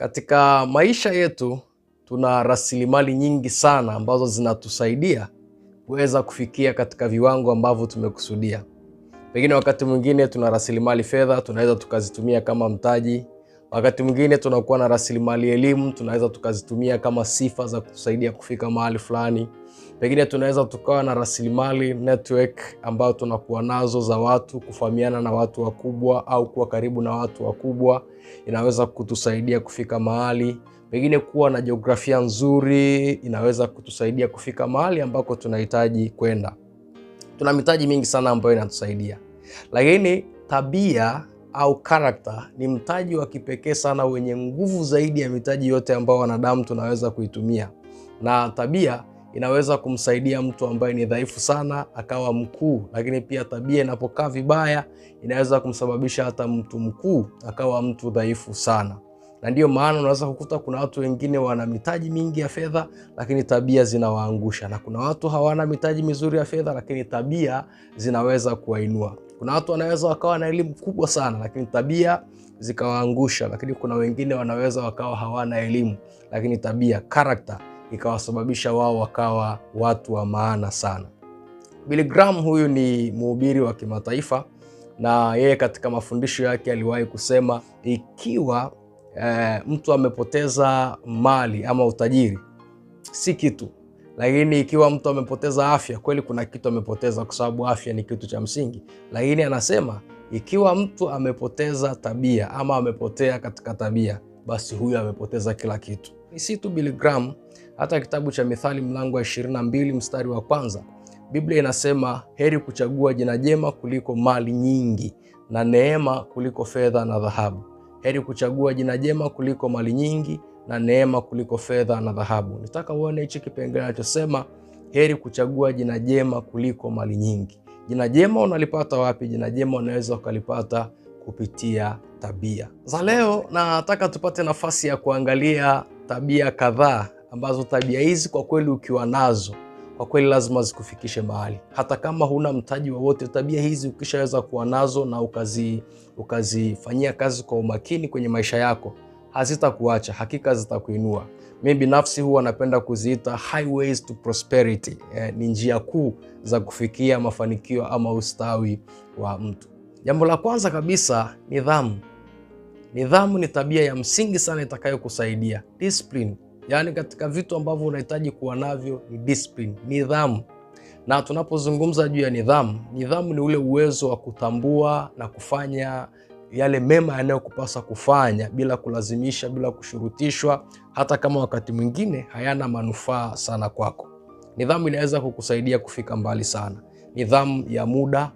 Katika maisha yetu tuna rasilimali nyingi sana ambazo zinatusaidia kuweza kufikia katika viwango ambavyo tumekusudia. Pengine wakati mwingine tuna rasilimali fedha, tunaweza tukazitumia kama mtaji Wakati mwingine tunakuwa na rasilimali elimu, tunaweza tukazitumia kama sifa za kutusaidia kufika mahali fulani. Pengine tunaweza tukawa na rasilimali network ambayo tunakuwa nazo za watu, kufahamiana na watu wakubwa au kuwa karibu na watu wakubwa, inaweza kutusaidia kufika mahali. Pengine kuwa na jiografia nzuri inaweza kutusaidia kufika mahali ambako tunahitaji kwenda. Tuna mitaji mingi sana ambayo inatusaidia, lakini tabia au character ni mtaji wa kipekee sana wenye nguvu zaidi ya mitaji yote ambayo wanadamu tunaweza kuitumia, na tabia inaweza kumsaidia mtu ambaye ni dhaifu sana akawa mkuu, lakini pia tabia inapokaa vibaya inaweza kumsababisha hata mtu mkuu akawa mtu dhaifu sana na ndio maana unaweza kukuta kuna watu wengine wana mitaji mingi ya fedha, lakini tabia zinawaangusha, na kuna watu hawana mitaji mizuri ya fedha, lakini tabia zinaweza kuwainua. Kuna watu wanaweza wakawa na elimu kubwa sana, lakini tabia zikawaangusha. Lakini kuna wengine wanaweza wakawa hawana elimu, lakini tabia, karakta, ikawasababisha wao wakawa watu wa maana sana. Billy Graham huyu ni mhubiri wa kimataifa, na yeye katika mafundisho yake aliwahi kusema ikiwa eh, mtu amepoteza mali ama utajiri si kitu, lakini ikiwa mtu amepoteza afya, kweli kuna kitu amepoteza, kwa sababu afya ni kitu cha msingi. Lakini anasema ikiwa mtu amepoteza tabia ama amepotea katika tabia, basi huyo amepoteza kila kitu. si tu Billy Graham, hata kitabu cha Mithali mlango wa 22 mstari wa kwanza Biblia inasema heri kuchagua jina jema kuliko mali nyingi na neema kuliko fedha na dhahabu. Heri kuchagua jina jema kuliko mali nyingi, na neema kuliko fedha na dhahabu. Nitaka uone hichi kipengele anachosema, heri kuchagua jina jema kuliko mali nyingi. Jina jema unalipata wapi? Jina jema unaweza ukalipata kupitia tabia za leo. Nataka tupate nafasi ya kuangalia tabia kadhaa ambazo tabia hizi kwa kweli ukiwa nazo kwa kweli lazima zikufikishe mahali, hata kama huna mtaji wowote. Tabia hizi ukishaweza kuwa nazo na ukazi ukazifanyia kazi kwa umakini kwenye maisha yako, hazitakuacha hakika, zitakuinua. Mimi binafsi huwa napenda kuziita highways to prosperity. Eh, ni njia kuu za kufikia mafanikio ama ustawi wa mtu. Jambo la kwanza kabisa, nidhamu. Nidhamu ni tabia ya msingi sana itakayokusaidia discipline Yaani katika vitu ambavyo unahitaji kuwa navyo ni discipline, nidhamu. Na tunapozungumza juu ya nidhamu, nidhamu ni ule uwezo wa kutambua na kufanya yale mema yanayokupasa kufanya bila kulazimisha, bila kushurutishwa, hata kama wakati mwingine hayana manufaa sana kwako. Nidhamu inaweza kukusaidia kufika mbali sana. Nidhamu ya muda,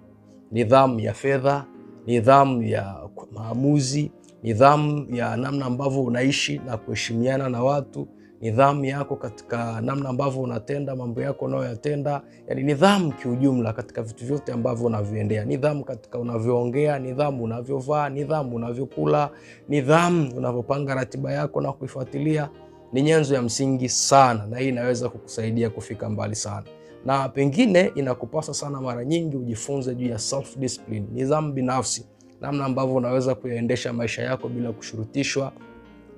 nidhamu ya fedha, nidhamu ya maamuzi, nidhamu ya namna ambavyo unaishi na kuheshimiana na watu, nidhamu yako katika namna ambavyo unatenda mambo yako unayoyatenda, yani nidhamu kiujumla katika vitu vyote ambavyo unaviendea, nidhamu katika unavyoongea, nidhamu unavyovaa, nidhamu unavyokula, nidhamu unavyopanga ratiba yako na kuifuatilia ni nyenzo ya msingi sana, na hii inaweza kukusaidia kufika mbali sana, na pengine inakupasa sana mara nyingi ujifunze juu ya self discipline, nidhamu binafsi, namna ambavyo unaweza kuyaendesha maisha yako bila kushurutishwa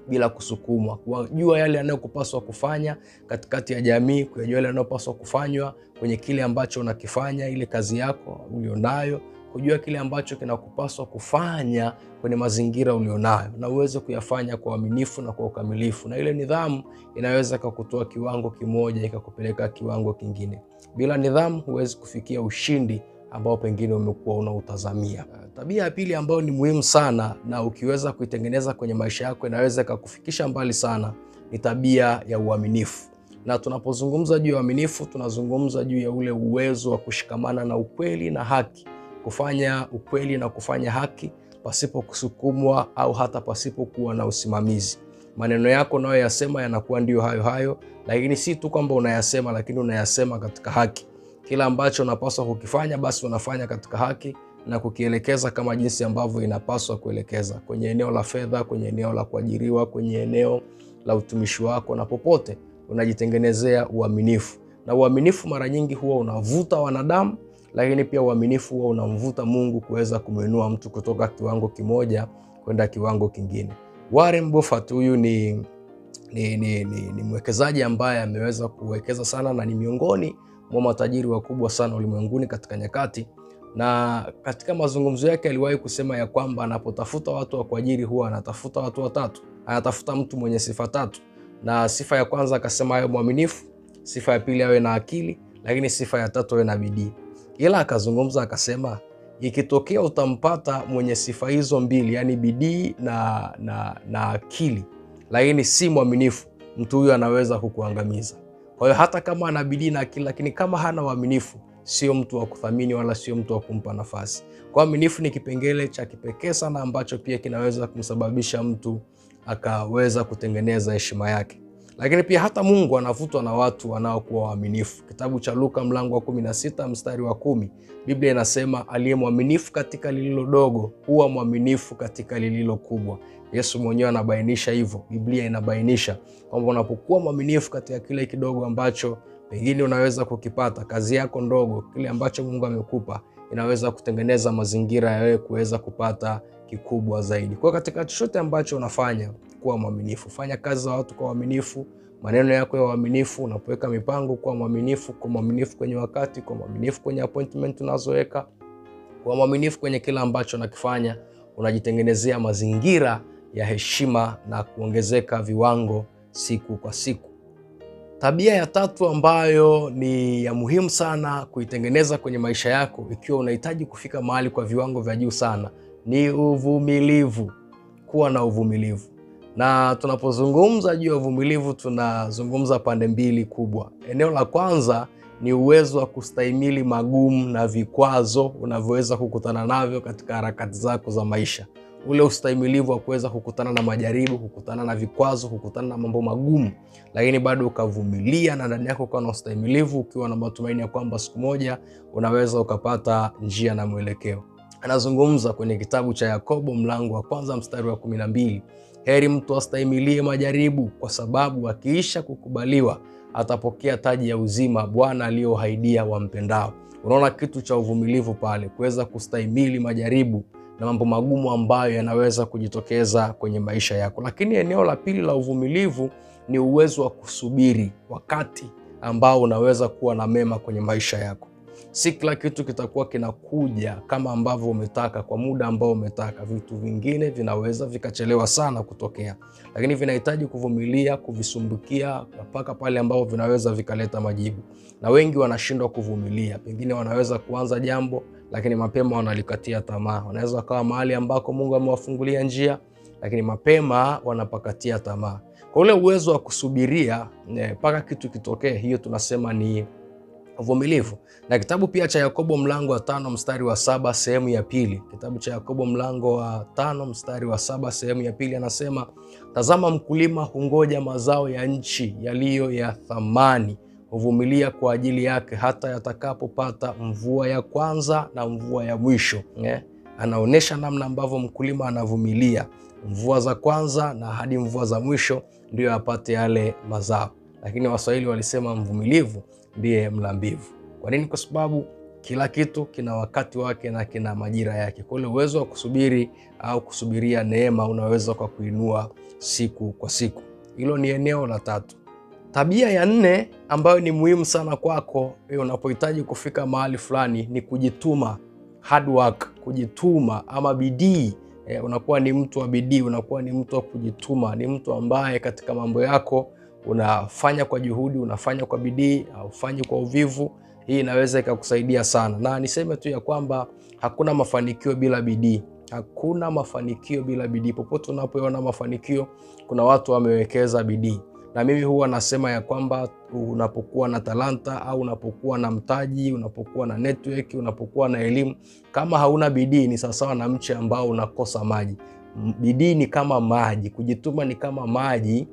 bila kusukumwa, kujua yale yanayokupaswa kufanya katikati ya jamii, kujua yale yanayopaswa kufanywa kwenye kile ambacho unakifanya, ile kazi yako ulionayo, kujua kile ambacho kinakupaswa kufanya kwenye mazingira ulionayo, na uweze kuyafanya kwa uaminifu na kwa ukamilifu. Na ile nidhamu inaweza ikakutoa kiwango kimoja ikakupeleka kiwango kingine. Bila nidhamu huwezi kufikia ushindi ambao pengine umekuwa unautazamia. Uh, tabia ya pili ambayo ni muhimu sana na ukiweza kuitengeneza kwenye maisha yako inaweza ikakufikisha mbali sana ni tabia ya uaminifu. Na tunapozungumza juu ya uaminifu, tunazungumza juu ya ule uwezo wa kushikamana na ukweli na haki, kufanya ukweli na kufanya haki pasipo kusukumwa au hata pasipo kuwa na usimamizi. Maneno yako unayoyasema yanakuwa ndiyo hayo hayo, lakini si tu kwamba unayasema, lakini unayasema katika haki. Kila ambacho unapaswa kukifanya, basi unafanya katika haki na kukielekeza kama jinsi ambavyo inapaswa kuelekeza, kwenye eneo la fedha, kwenye eneo la kuajiriwa, kwenye eneo la utumishi wako, na popote unajitengenezea uaminifu. Na uaminifu mara nyingi huwa unavuta wanadamu, lakini pia uaminifu huwa unamvuta Mungu kuweza kumwinua mtu kutoka kiwango kimoja kwenda kiwango kingine. Warren Buffett huyu ni, ni, ni, ni, ni mwekezaji ambaye ameweza kuwekeza sana na ni miongoni mwa matajiri wakubwa sana ulimwenguni katika nyakati, na katika mazungumzo yake aliwahi kusema ya kwamba anapotafuta watu wa kuajiri huwa anatafuta watu watatu, anatafuta mtu mwenye sifa tatu, na sifa ya kwanza akasema awe mwaminifu, sifa ya pili awe na akili, lakini sifa ya tatu awe na bidii. Ila akazungumza akasema ikitokea utampata mwenye sifa hizo mbili, yani bidii na, na, na akili, lakini si mwaminifu, mtu huyo anaweza kukuangamiza. Kwa hiyo hata kama ana bidii na akili, lakini kama hana uaminifu, sio mtu wa kuthamini wala sio mtu wa kumpa nafasi. Kwa uaminifu ni kipengele cha kipekee sana ambacho pia kinaweza kumsababisha mtu akaweza kutengeneza heshima yake. Lakini pia hata Mungu anavutwa na watu wanaokuwa waaminifu. Kitabu cha Luka mlango wa 16 mstari wa kumi, Biblia inasema aliye mwaminifu katika lililodogo huwa mwaminifu katika lililo kubwa. Yesu mwenyewe anabainisha hivyo, Biblia inabainisha kwamba unapokuwa mwaminifu katika kile kidogo ambacho pengine unaweza kukipata, kazi yako ndogo, kile ambacho Mungu amekupa, inaweza kutengeneza mazingira ya wewe kuweza kupata kikubwa zaidi. Kwa katika chochote ambacho unafanya, kuwa mwaminifu. Fanya kazi za watu kwa uaminifu, maneno yako ya uaminifu, unapoweka mipango kwa mwaminifu, kwa mwaminifu kwenye wakati, kwa mwaminifu kwenye appointment unazoweka, kwa mwaminifu kwenye kila ambacho unakifanya, unajitengenezea mazingira ya heshima na kuongezeka viwango siku kwa siku. Tabia ya tatu ambayo ni ya muhimu sana kuitengeneza kwenye maisha yako ikiwa unahitaji kufika mahali kwa viwango vya juu sana ni uvumilivu. Kuwa na uvumilivu, na tunapozungumza juu ya uvumilivu tunazungumza pande mbili kubwa. Eneo la kwanza ni uwezo wa kustahimili magumu na vikwazo unavyoweza kukutana navyo katika harakati zako za maisha ule ustahimilivu wa kuweza kukutana na majaribu, kukutana na vikwazo, kukutana na mambo magumu, lakini bado ukavumilia na ndani yako ukawa na ustahimilivu, ukiwa na matumaini ya kwamba siku moja unaweza ukapata njia na mwelekeo. Anazungumza kwenye kitabu cha Yakobo mlango wa kwanza mstari wa kumi na mbili heri mtu astahimilie majaribu, kwa sababu akiisha kukubaliwa atapokea taji ya uzima Bwana aliyohaidia wampendao. Unaona kitu cha uvumilivu pale, kuweza kustahimili majaribu na mambo magumu ambayo yanaweza kujitokeza kwenye maisha yako. Lakini eneo la pili la uvumilivu ni uwezo wa kusubiri wakati ambao unaweza kuwa na mema kwenye maisha yako. Si kila kitu kitakuwa kinakuja kama ambavyo umetaka kwa muda ambao umetaka. Vitu vingine vinaweza vikachelewa sana kutokea, lakini vinahitaji kuvumilia, kuvisumbukia mpaka pale ambao vinaweza vikaleta majibu, na wengi wanashindwa kuvumilia. Pengine wanaweza kuanza jambo lakini mapema wanalikatia tamaa. Wanaweza wakawa mahali ambako Mungu amewafungulia njia, lakini mapema wanapakatia tamaa. Kwa ule uwezo wa kusubiria eh, mpaka kitu kitokee, hiyo tunasema ni uvumilivu. Na kitabu pia cha Yakobo mlango wa tano mstari wa saba sehemu ya pili, kitabu cha Yakobo mlango wa tano mstari wa saba sehemu ya pili anasema, tazama mkulima hungoja mazao ya nchi yaliyo ya thamani kuvumilia kwa ajili yake hata yatakapopata mvua ya kwanza na mvua ya mwisho yeah. Anaonyesha namna ambavyo mkulima anavumilia mvua za kwanza na hadi mvua za mwisho ndiyo apate yale mazao. Lakini Waswahili walisema mvumilivu ndiye mla mbivu. Kwa nini? Kwa sababu kila kitu kina wakati wake na kina majira yake. Kwa hiyo uwezo wa kusubiri au kusubiria neema unaweza kwa kuinua siku kwa siku. Hilo ni eneo la tatu. Tabia ya nne ambayo ni muhimu sana kwako e, unapohitaji kufika mahali fulani ni kujituma, hard work, kujituma ama bidii. E, unakuwa ni mtu wa bidii, unakuwa ni mtu wa kujituma, ni mtu ambaye katika mambo yako unafanya kwa juhudi, unafanya kwa bidii, haufanyi kwa uvivu. Hii inaweza ikakusaidia sana, na niseme tu ya kwamba hakuna mafanikio bila bidii. Hakuna mafanikio bila bidii. Popote unapoona mafanikio, kuna watu wamewekeza bidii na mimi huwa nasema ya kwamba unapokuwa na talanta au unapokuwa na mtaji, unapokuwa na network, unapokuwa na elimu, kama hauna bidii ni sawasawa na mche ambao unakosa maji. Bidii ni kama maji, kujituma ni kama maji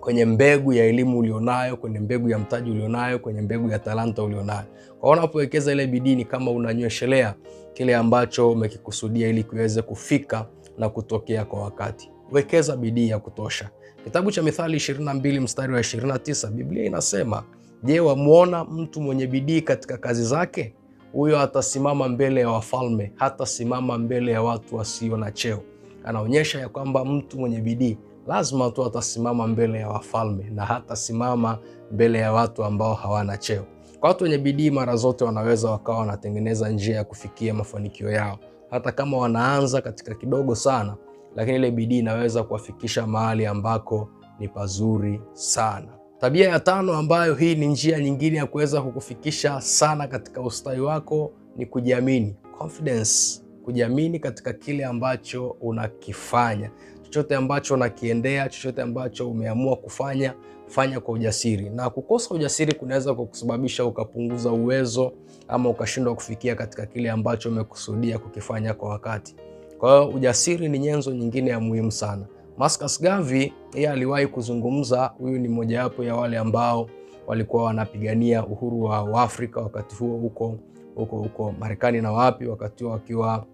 kwenye mbegu ya elimu ulionayo, kwenye mbegu ya mtaji ulionayo, kwenye mbegu ya talanta ulionayo. Kwa unapowekeza ile bidii, ni kama unanyweshelea kile ambacho umekikusudia ili kiweze kufika na kutokea kwa wakati. Wekeza bidii ya kutosha. Kitabu cha Mithali 22 mstari wa 29, Biblia inasema, je, wamwona mtu mwenye bidii katika kazi zake? Huyo atasimama mbele ya wafalme, hatasimama mbele ya watu wasio na cheo. Anaonyesha ya kwamba mtu mwenye bidii lazima tu atasimama mbele ya wafalme na hatasimama mbele ya watu ambao hawana cheo. Kwa watu wenye bidii, mara zote wanaweza wakawa wanatengeneza njia ya kufikia mafanikio yao, hata kama wanaanza katika kidogo sana lakini ile bidii inaweza kuwafikisha mahali ambako ni pazuri sana. Tabia ya tano, ambayo hii ni njia nyingine ya kuweza kukufikisha sana katika ustawi wako, ni kujiamini, confidence, kujiamini katika kile ambacho unakifanya, chochote ambacho unakiendea, chochote ambacho umeamua kufanya, fanya kwa ujasiri. Na kukosa ujasiri kunaweza kukusababisha ukapunguza uwezo ama ukashindwa kufikia katika kile ambacho umekusudia kukifanya kwa wakati. Kwa hiyo ujasiri ni nyenzo nyingine ya muhimu sana. Marcus Garvey yeye aliwahi kuzungumza, huyu ni mojawapo ya wale ambao walikuwa wanapigania uhuru wa Afrika wakati huo huko huko huko Marekani na wapi, wakati huo wakiwa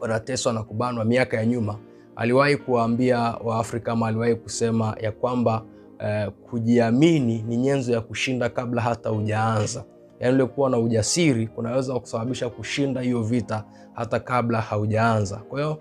wanateswa na kubanwa miaka ya nyuma. Aliwahi kuwaambia Waafrika ama aliwahi kusema ya kwamba eh, kujiamini ni nyenzo ya kushinda kabla hata hujaanza yani ule kuwa na ujasiri kunaweza kusababisha kushinda hiyo vita hata kabla haujaanza. Kwa hiyo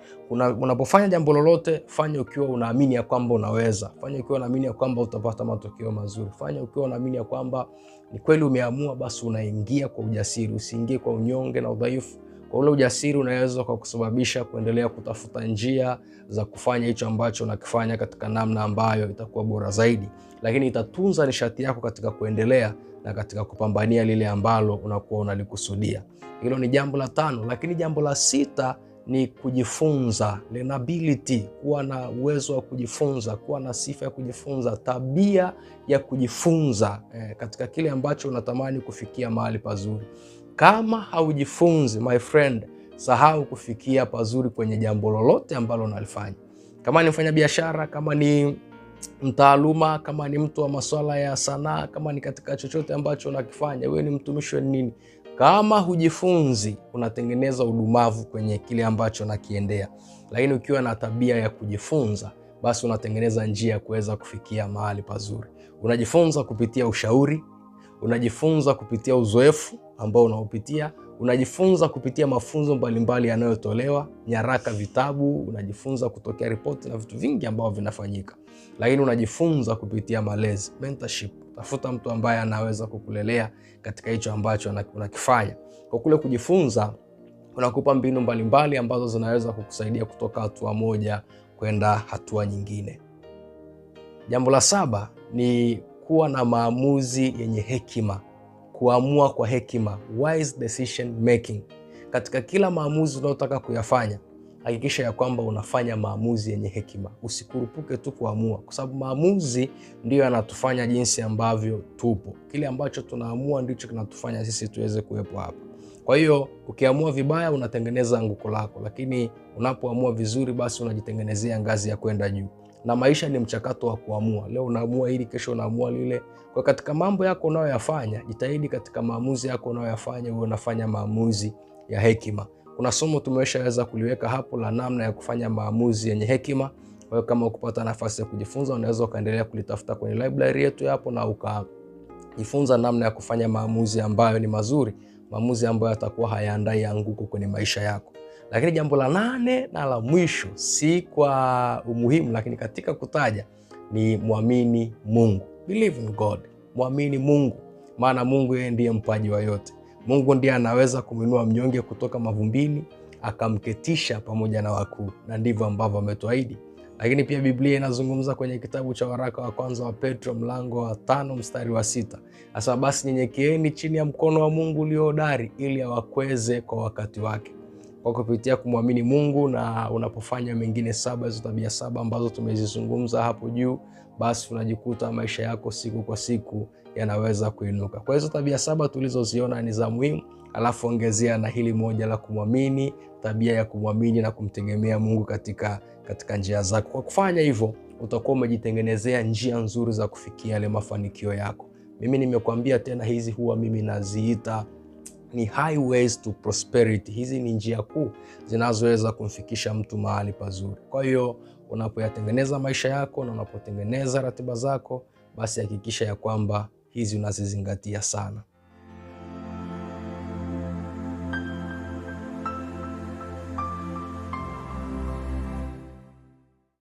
unapofanya jambo lolote, fanya ukiwa unaamini ya kwamba unaweza, fanya ukiwa unaamini ya kwamba utapata matokeo mazuri, fanya ukiwa unaamini ya kwamba ni kweli umeamua, basi unaingia kwa ujasiri, usiingie kwa unyonge na udhaifu. Kwa ule ujasiri unaweza kwa kusababisha kuendelea kutafuta njia za kufanya hicho ambacho unakifanya katika namna ambayo itakuwa bora zaidi, lakini itatunza nishati yako katika kuendelea na katika kupambania lile ambalo unakuwa unalikusudia. Hilo ni jambo la tano, lakini jambo la sita ni kujifunza, learnability, kuwa na uwezo wa kujifunza, kuwa na sifa ya kujifunza, tabia ya kujifunza eh, katika kile ambacho unatamani kufikia mahali pazuri. Kama haujifunzi my friend, sahau kufikia pazuri kwenye jambo lolote ambalo unalifanya, kama ni mfanya biashara, kama ni mtaaluma, kama ni mtu wa masuala ya sanaa, kama ni katika chochote ambacho unakifanya, wewe ni mtumishi wa nini, kama hujifunzi, unatengeneza udumavu kwenye kile ambacho nakiendea. Lakini ukiwa na tabia ya kujifunza, basi unatengeneza njia ya kuweza kufikia mahali pazuri. Unajifunza kupitia ushauri, unajifunza kupitia uzoefu ambao unaopitia Unajifunza kupitia mafunzo mbalimbali yanayotolewa, nyaraka, vitabu, unajifunza kutokea ripoti na vitu vingi ambavyo vinafanyika, lakini unajifunza kupitia malezi, mentorship. Tafuta mtu ambaye anaweza kukulelea katika hicho ambacho unakifanya. Kwa kule kujifunza unakupa mbinu mbalimbali mbali ambazo zinaweza kukusaidia kutoka hatua moja kwenda hatua nyingine. Jambo la saba ni kuwa na maamuzi yenye hekima kuamua kwa hekima, wise decision making. Katika kila maamuzi unayotaka kuyafanya, hakikisha ya kwamba unafanya maamuzi yenye hekima, usikurupuke tu kuamua, kwa sababu maamuzi ndiyo yanatufanya jinsi ambavyo tupo. Kile ambacho tunaamua ndicho kinatufanya sisi tuweze kuwepo hapa. Kwa hiyo ukiamua vibaya unatengeneza anguko lako, lakini unapoamua vizuri, basi unajitengenezea ngazi ya kwenda juu na maisha ni mchakato wa kuamua. Leo unaamua hili, kesho unaamua lile. Kwa katika mambo yako unayoyafanya, jitahidi katika maamuzi yako unayoyafanya uwe unafanya maamuzi ya hekima. Kuna somo tumeshaweza kuliweka hapo la namna ya kufanya maamuzi yenye hekima. Kwa hiyo kama ukupata nafasi ya kujifunza, unaweza ukaendelea kulitafuta kwenye library yetu hapo na ukajifunza namna ya kufanya maamuzi ambayo ni mazuri, maamuzi ambayo yatakuwa hayaandai anguko kwenye maisha yako. Lakini jambo la nane na la mwisho, si kwa umuhimu, lakini katika kutaja ni mwamini Mungu, believe in God, mwamini Mungu, maana Mungu yeye ndiye mpaji wa yote. Mungu ndiye anaweza kumwinua mnyonge kutoka mavumbini akamketisha pamoja na wakuu, na ndivyo ambavyo ametuahidi. Lakini pia Biblia inazungumza kwenye kitabu cha waraka wa kwanza wa Petro mlango wa tano mstari wa sita asema basi nyenyekeeni chini ya mkono wa Mungu ulio hodari, ili awakweze kwa wakati wake kwa kupitia kumwamini Mungu, na unapofanya mengine saba, hizo tabia saba ambazo tumezizungumza hapo juu, basi unajikuta maisha yako siku kwa siku yanaweza kuinuka. Kwa hizo tabia saba tulizoziona ni za muhimu, alafu ongezea na hili moja la kumwamini, tabia ya kumwamini na kumtegemea Mungu katika, katika njia zako. Kwa kufanya hivyo utakuwa umejitengenezea njia nzuri za kufikia yale mafanikio yako. Mimi nimekuambia tena, hizi huwa mimi naziita ni highways to prosperity. Hizi ni njia kuu zinazoweza kumfikisha mtu mahali pazuri. Kwa hiyo unapoyatengeneza maisha yako na unapotengeneza ratiba zako, basi hakikisha ya kwamba hizi unazizingatia sana.